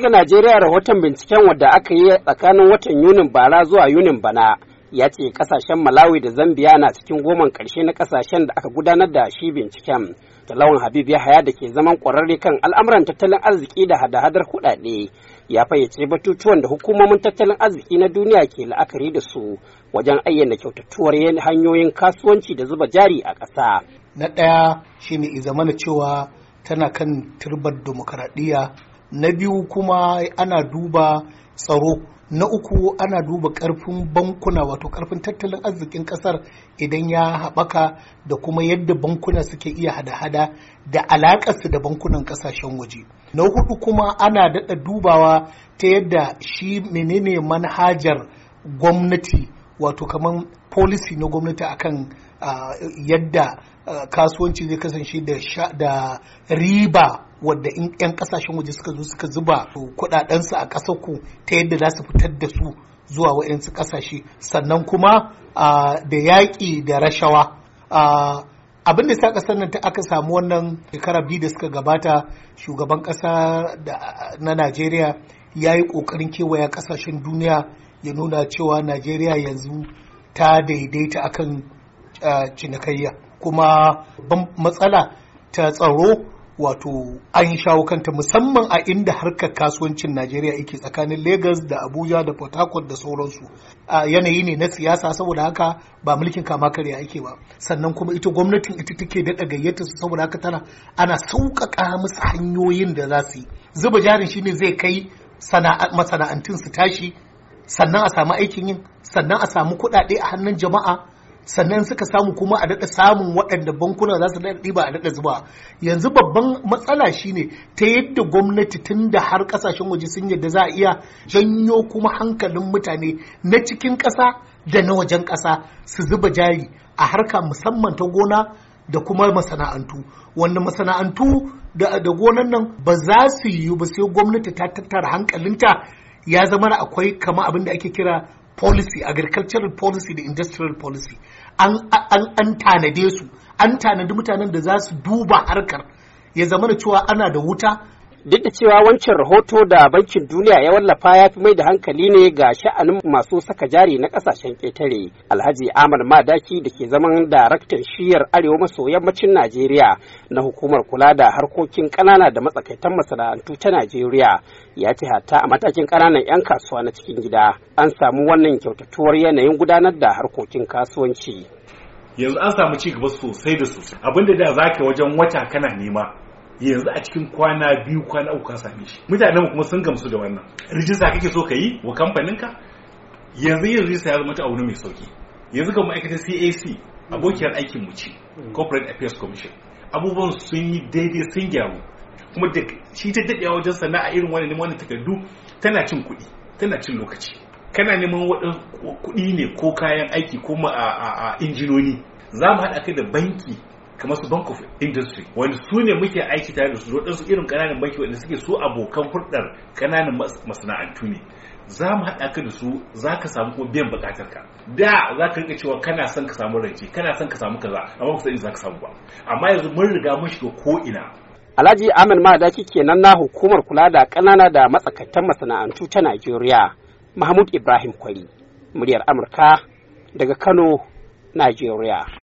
daga Najeriya rahoton binciken wadda aka yi tsakanin watan Yunin bara zuwa Yunin bana ya ce kasashen Malawi da zambia na cikin goman karshe na kasashen da aka gudanar da shi binciken. Talawan Habib ya haya da ke zaman kwararre kan al'amuran tattalin arziki da hada-hadar kuɗaɗe ya fayyace batutuwan da hukumomin tattalin arziki na duniya ke la'akari da su wajen ayyana kyautattuwar hanyoyin kasuwanci da zuba jari a ƙasa. Na ɗaya shine izamana cewa tana kan turbar demokaradiyya na biyu kuma ana duba tsaro na uku ana duba karfin bankuna wato karfin tattalin arzikin kasar idan ya haɓaka da kuma yadda bankuna suke iya hada-hada da alaƙarsu da bankunan kasashen waje na hudu kuma ana daɗa dubawa ta yadda shi menene manhajar gwamnati wato kamar policy na gwamnati akan ah, yadda ah, kasuwanci zai kasance da riba wadda 'yan kasashen waje suka zo suka zuba kudadensu a ƙasar ta yadda za su fitar da su zuwa wa'yansu ƙasashe sannan kuma ah, da yaƙi da rashawa abin da sa ƙasar nan ta aka samu wannan shekara biyu da suka gabata shugaban ƙasa na najeriya ya yi ƙoƙarin kewaya ƙasashen duniya ya nuna cewa najeriya yanzu ta daidaita akan eh, cinikayya kuma matsala ta tsaro wato an shawo kanta musamman a inda harkar kasuwancin najeriya yake tsakanin lagos da abuja da port harcourt da sauransu a yanayi ne na siyasa saboda haka ba mulkin kama karya ake ba sannan kuma ita gwamnatin ita take daɗa gayyata su saboda haka tana ana sauƙaƙa musu hanyoyin da za su yi zuba jarin ne zai kai masana'antun su tashi sannan a samu aikin yin sannan a samu kuɗaɗe a hannun jama'a sannan suka samu kuma a daɗa samun waɗanda bankuna za su daɗa ɗiba a daɗa zuba yanzu babban matsala shine ta yadda gwamnati tun da har ƙasashen waje sun yadda za a iya janyo kuma hankalin mutane na cikin ƙasa da na wajen ƙasa su zuba jari a harka musamman ta gona da kuma masana'antu wanda masana'antu da gonan nan ba za su yi ba sai gwamnati ta tattara hankalinta ya zama akwai kama abin da ake kira policy agricultural policy da industrial policy an, an, an tanade su an tanadi mutanen da za su duba harkar ya zama da cewa ana da wuta duk da cewa wancan rahoto da bankin duniya ya wallafa ya fi mai da hankali ne ga sha'anin masu saka jari na kasashen ƙetare alhaji ahmad madaki da ke zaman daraktan shiyar arewa maso yammacin najeriya na hukumar kula da harkokin ƙanana da matsakaitan masana'antu ta najeriya ya ce hata a matakin ƙananan 'yan kasuwa na cikin gida an samu wannan kyautatuwar yanayin gudanar da harkokin kasuwanci yanzu an samu ci gaba sosai da sosai abinda da zaka wajen wata kana nema yanzu a cikin kwana biyu kwana uku ka same shi mutanen kuma sun gamsu da wannan rijista kake so ka yi wa kamfaninka yanzu yin rijista ya zama ta abu mai sauki yanzu kan ma'aikatar cac abokiyar aikin mu ce mm. corporate affairs commission abubuwan sun yi daidai sun gyaru kuma da shi ta daɗewa wajen sana'a irin wani neman takardu tana cin kuɗi tana cin lokaci kana neman kuɗi ne ko kayan aiki ko a injinoni za mu haɗa kai da banki kamar su bank of industry wani su ne muke aiki tare da su waɗansu irin kananan banki wanda suke so abokan hulɗar kananan masana'antu ne za mu haɗa ka da su za ka samu kuma biyan buƙatar ka da za ka rika cewa kana son ka samu rance kana son ka samu kaza amma ba za ka samu ba amma yanzu mun riga mun shiga ko ina Alhaji Ahmed Madaki kenan na hukumar kula da ƙanana da matsakaitan masana'antu ta Najeriya Mahmud Ibrahim Kwari muryar Amurka daga Kano Najeriya